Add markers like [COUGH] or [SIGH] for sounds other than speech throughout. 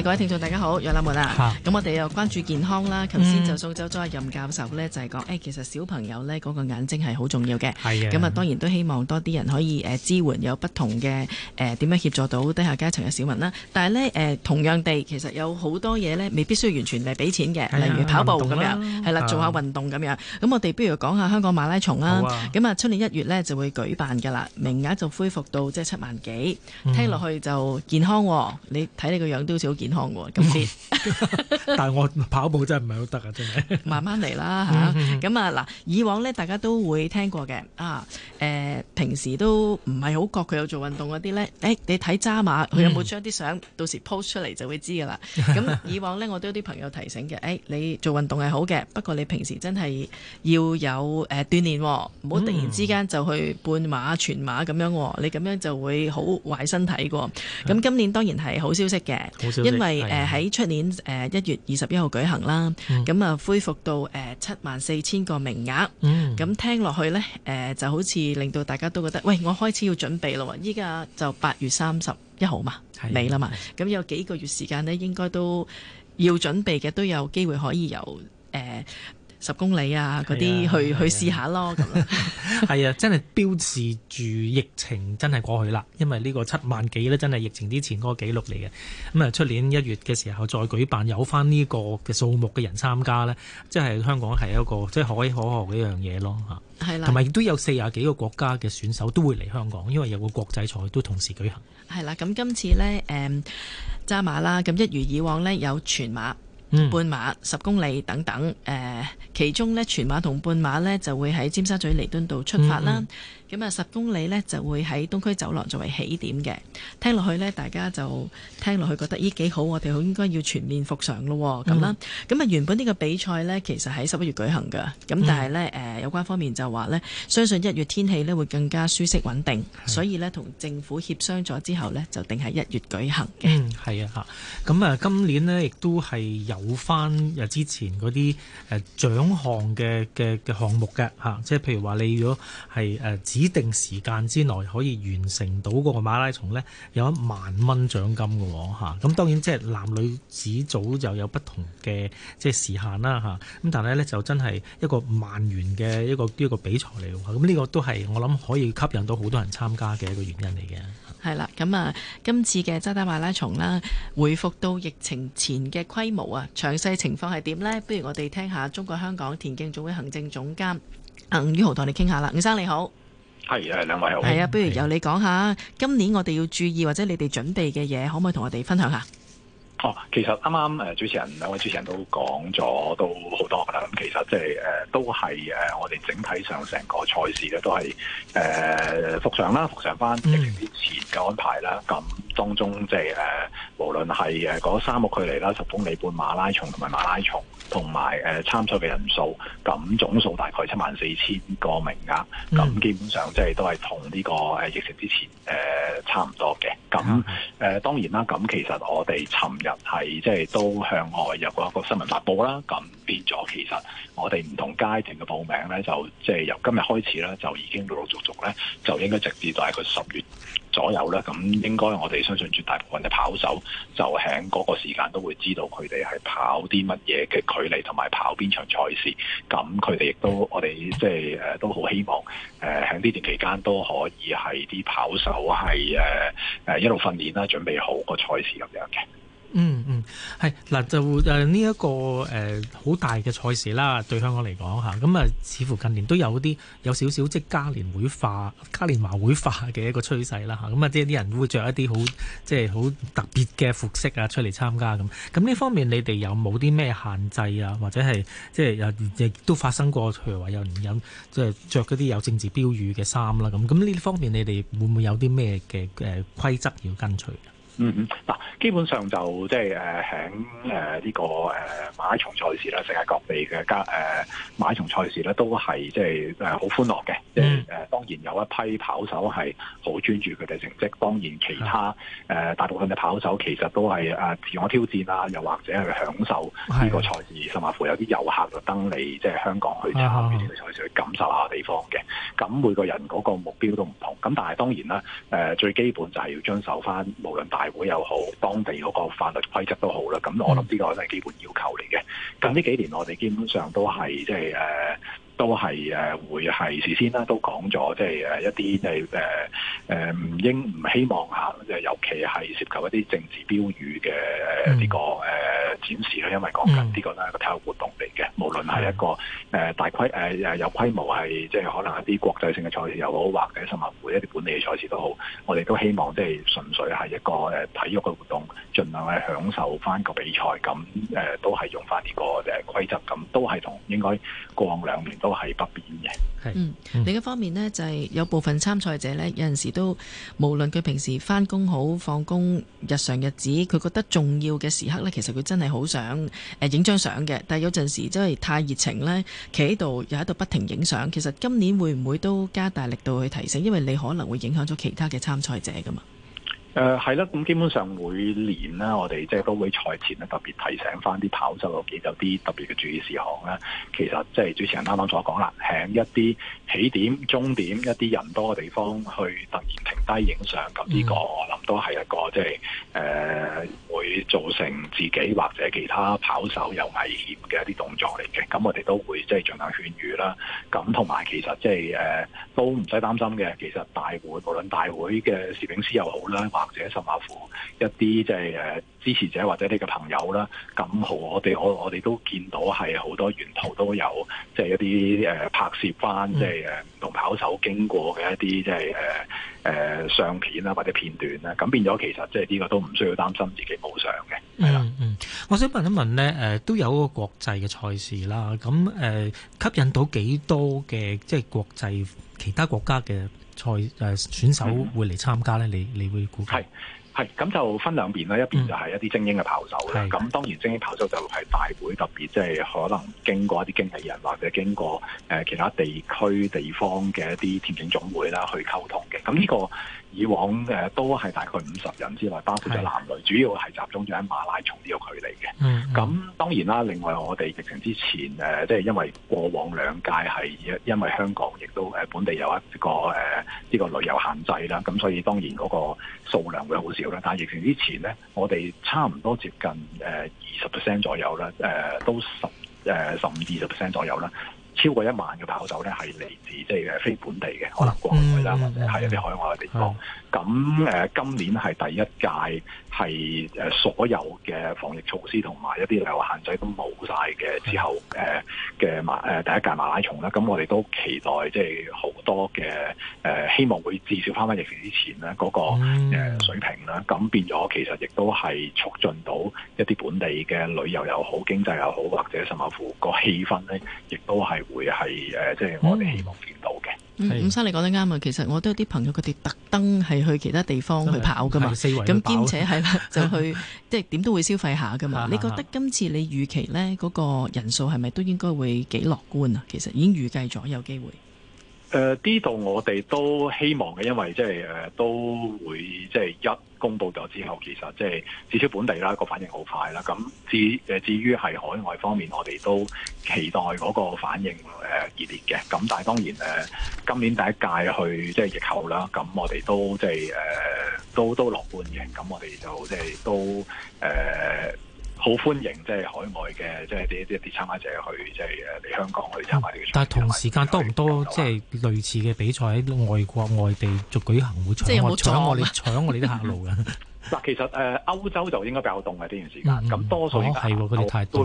各位聽眾大家好，楊立門啊。咁、啊、我哋又關注健康啦。頭先就蘇州莊任教授咧、嗯、就係、是、講，誒、哎、其實小朋友咧嗰、那個眼睛係好重要嘅。係咁啊當然都希望多啲人可以誒、呃、支援，有不同嘅誒點樣協助到低下階層嘅小民啦。但係咧誒同樣地，其實有好多嘢咧未必需要完全係俾錢嘅，例如跑步咁樣，係、啊、啦，做下運動咁樣。咁、啊、我哋不如講下香港馬拉松啦。咁啊，出、啊、年一月咧就會舉辦㗎啦，名額就恢復到即係七萬幾，聽落去就健康、啊嗯。你睇你個樣都好似好。健康喎咁先，今 [LAUGHS] [LAUGHS] 但係我跑步真係唔係好得啊，真係。慢慢嚟啦嚇，咁啊嗱，以往呢，大家都會聽過嘅啊，誒、呃、平時都唔係好覺佢有做運動嗰啲呢。誒、欸、你睇渣馬佢有冇將啲相到時 post 出嚟就會知噶啦。咁、嗯、以往呢，我都有啲朋友提醒嘅，誒、欸、你做運動係好嘅，不過你平時真係要有誒、呃、鍛鍊、哦，唔好突然之間就去半馬全馬咁樣、哦，你咁樣就會好壞身體嘅、哦。咁今年當然係好消息嘅。 [LAUGHS] 因為誒喺出年誒一月二十一號舉行啦，咁、嗯、啊恢復到誒七萬四千個名額，咁、嗯、聽落去呢，誒就好似令到大家都覺得，喂，我開始要準備咯。現在」喎，依家就八月三十一號嘛，尾啦嘛，咁有幾個月時間呢，應該都要準備嘅，都有機會可以由誒。呃十公里啊，嗰啲去、啊、去試、啊、下咯，咁樣、啊。係 [LAUGHS] 啊，真係標誌住疫情真係過去啦，因為呢個七萬幾呢，真係疫情之前嗰個紀錄嚟嘅。咁啊，出年一月嘅時候再舉辦，有返呢個嘅數目嘅人參加呢，即係香港係一個即係可可學嘅一樣嘢咯嚇。係啦、啊，同埋亦都有四十幾個國家嘅選手都會嚟香港，因為有個國際賽都同時舉行。係啦、啊，咁今次呢，誒、呃、揸馬啦，咁一如以往呢，有全馬。嗯、半馬、十公里等等，誒、呃，其中咧全馬同半馬咧就會喺尖沙咀彌敦道出發啦。嗯嗯咁啊，十公里咧就會喺東區走廊作為起點嘅。聽落去咧，大家就聽落去覺得咦幾好，我哋好應該要全面復常咯咁啦。咁、嗯、啊，原本呢個比賽咧，其實喺十一月舉行噶。咁但係咧，誒、嗯呃、有關方面就話咧，相信一月天氣咧會更加舒適穩定，所以咧同政府協商咗之後咧，就定喺一月舉行嘅。係、嗯、啊，吓，咁、呃、啊，今年咧亦都係有翻日之前嗰啲誒獎項嘅嘅嘅項目嘅吓，即係譬如話你如果係誒。呃指指定時間之內可以完成到嗰個馬拉松呢，有一萬蚊獎金嘅嚇。咁當然即係男女子組就有不同嘅即係時限啦嚇。咁但係呢，就真係一個萬元嘅一個一個比賽嚟嘅。咁、這、呢個都係我諗可以吸引到好多人參加嘅一個原因嚟嘅。係啦，咁啊，今次嘅渣打馬拉松啦，恢復到疫情前嘅規模啊，詳細情況係點呢？不如我哋聽下中國香港田徑總會行政總監阿、啊、于豪同你傾下啦，伍生你好。係，係兩位好。係啊，不如由你講下，今年我哋要注意或者你哋準備嘅嘢，可唔可以同我哋分享下？哦，其實啱啱誒主持人兩位主持人都講咗都好多啦，咁其實即係誒都係誒我哋整體上成個賽事咧都係誒復常啦，復常翻疫情之前嘅安排啦，咁、嗯、當中即係誒無論係誒嗰三個距離啦，十公里半馬拉松同埋馬拉松，同埋誒參賽嘅人數，咁總數大概七萬四千個名額，咁、嗯、基本上即係都係同呢個疫情之前誒、呃、差唔多嘅，咁誒、嗯呃、當然啦，咁其實我哋尋日。係即係都向外有個新聞發布啦，咁變咗其實我哋唔同階段嘅報名咧，就即係由今日開始咧，就已經陸陸續續咧，就應該直至大概十月左右啦。咁應該我哋相信絕大部分嘅跑手就喺嗰個時間都會知道佢哋係跑啲乜嘢嘅距離同埋跑邊場賽事，咁佢哋亦都我哋即係誒都好希望誒喺呢段期間都可以係啲跑手係誒誒一路訓練啦，準備好個賽事咁樣嘅。嗯嗯，係、嗯、嗱、啊，就誒呢一個好、呃、大嘅賽事啦，對香港嚟講嚇，咁啊似乎近年都有啲有少少即嘉年會化、嘉年華會化嘅一個趨勢啦嚇，咁啊係啲、啊、人會着一啲好即係好特別嘅服飾啊出嚟參加咁，咁呢方面你哋有冇啲咩限制啊，或者係即係又亦都發生過，譬如話有人有即係着嗰啲有政治標語嘅衫啦咁，咁呢方面你哋會唔會有啲咩嘅誒規則要跟隨？嗯哼，嗱，基本上就即係誒喺誒呢個誒馬拉松賽事啦，世界各地嘅家誒馬拉松賽事咧，都係即係誒好歡樂嘅。即係誒當然有一批跑手係好專注佢哋成績，當然其他誒大部分嘅跑手其實都係誒自我挑戰啦，又或者係享受呢個賽事是，甚至乎有啲遊客特登嚟即係香港去參與呢個賽事，去感受下地方嘅。咁每個人嗰個目標都唔同，咁但係當然啦，誒最基本就係要遵守翻，無論大。大會又好，當地嗰個法律規則都好啦。咁我諗呢個係基本要求嚟嘅。近呢幾年我哋基本上都係即係誒，都係誒會係事先啦，都講咗即係誒一啲即係誒誒，唔應唔希望嚇，即係尤其係涉及一啲政治標語嘅呢、呢個誒。嗯展示啦，因為講緊呢個都係一個體育活動嚟嘅。嗯，無論係一個誒、呃、大規誒誒有規模係即係可能一啲國際性嘅賽事又好，或者甚至會一啲本地嘅賽事都好，我哋都希望即係純粹係一個誒、呃、體育嘅活動，盡量係享受翻個比賽咁誒都係用翻呢個誒規則咁，都係同應該過往兩年都係不變嘅。係。嗯，另一方面呢，就係、是、有部分參賽者呢，有陣時都無論佢平時翻工好放工日常日子，佢覺得重要嘅時刻呢，其實佢真係。好想影、呃、張相嘅，但有陣時真係太熱情呢。企喺度又喺度不停影相。其實今年會唔會都加大力度去提醒？因為你可能會影響咗其他嘅參賽者㗎嘛。誒係啦，咁基本上每年啦，我哋即係都會賽前咧特別提醒翻啲跑手啊，有啲特別嘅注意事項啦。其實即係主持人啱啱所講啦，喺一啲起點、終點一啲人多嘅地方去突然停低影相，咁呢個我諗都係一個即係誒會造成自己或者其他跑手有危險嘅一啲動作嚟嘅。咁我哋都會即係進行勸喻啦。咁同埋其實即係誒都唔使擔心嘅。其實大會無論大會嘅攝影師又好啦。或者甚或乎一啲即係誒支持者或者你嘅朋友啦，咁好，我哋我我哋都見到係好多沿途都有即係、就是、一啲誒拍攝翻即係誒同跑手經過嘅一啲即係誒誒相片啦，或者片段啦，咁變咗其實即係呢個都唔需要擔心自己冇相嘅。係啦。嗯嗯，我想問一問咧誒、呃，都有個國際嘅賽事啦，咁誒、呃、吸引到幾多嘅即係國際其他國家嘅？賽誒選手會嚟參加呢，你你會估計？係咁就分兩邊啦，一邊就係一啲精英嘅跑手啦。咁當然精英跑手就係大會特別，即係可能經過一啲經紀人或者經過誒其他地區地方嘅一啲田徑總會啦去溝通嘅。咁呢個以往誒都係大概五十人之內，包括咗男女，主要係集中咗喺馬拉松呢個距離嘅。咁當然啦，另外我哋疫情之前誒即係因為過往兩屆係因為香港亦都本地有一個誒呢個旅遊限制啦，咁所以當然嗰個數量會好少。但疫情之前咧，我哋差唔多接近誒二十 percent 左右啦，誒、呃、都十誒十五二十 percent 左右啦，超過一萬嘅跑手咧係嚟自即係非本地嘅，可能國外啦，或者係一啲海外嘅地方。咁誒、呃，今年係第一屆。係誒所有嘅防疫措施同埋一啲旅遊限制都冇晒嘅之後，誒嘅馬誒第一屆馬拉松啦。咁我哋都期待即係好多嘅誒，希望會至少翻翻疫情之前咧嗰個水平啦。咁變咗其實亦都係促進到一啲本地嘅旅遊又好，經濟又好，或者甚至乎個氣氛咧，亦都係會係誒，即係我哋希望見到。嗯，伍生你講得啱啊！其實我都有啲朋友佢哋特登係去其他地方去跑噶嘛，咁兼且係啦，就去即係點都會消費下噶嘛。你覺得今次你預期呢嗰個人數係咪都應該會幾樂觀啊？其實已經預計咗有機會。誒，呢度我哋都希望嘅，因為即係誒都會即係一。公布咗之後，其實即係至少本地啦，個反應好快啦。咁至誒至於係海外方面，我哋都期待嗰個反應誒熱烈嘅。咁但係當然誒，今年第一屆去即係疫後啦，咁我哋都即係誒都都樂觀嘅。咁我哋就即係都誒。呃好歡迎即係海外嘅，即係啲啲啲參加者去，即係誒嚟香港去參加嘅、嗯。但係同時間多唔多，即係類似嘅比賽喺外國、外地續舉行，會搶我搶我哋搶我哋啲、啊、客路嘅。嗱，其實誒、呃、歐洲就應該比較凍嘅呢段時間，咁、嗯、多數應該都會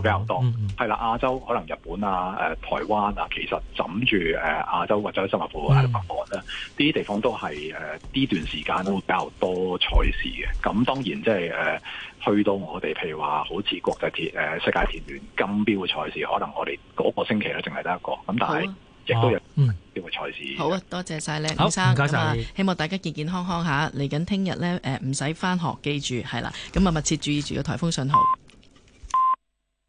比較凍。係、嗯、啦、哦嗯嗯，亞洲可能日本啊、誒、呃、台灣啊，其實枕住誒、呃、亞洲或者新加坡啊、北、嗯、韓呢啲地方都係誒呢段時間都會比較多賽事嘅。咁當然即係誒去到我哋，譬如話好似國際鐵誒、呃、世界田聯金標嘅賽事，可能我哋嗰個星期咧淨係得一個。咁但係亦都有、哦，嗯，好啊，多謝晒。咧，先生，謝謝，希望大家健健康康嚇，嚟緊聽日咧，誒唔使返學，記住係啦，咁啊密切注意住個颱風信號。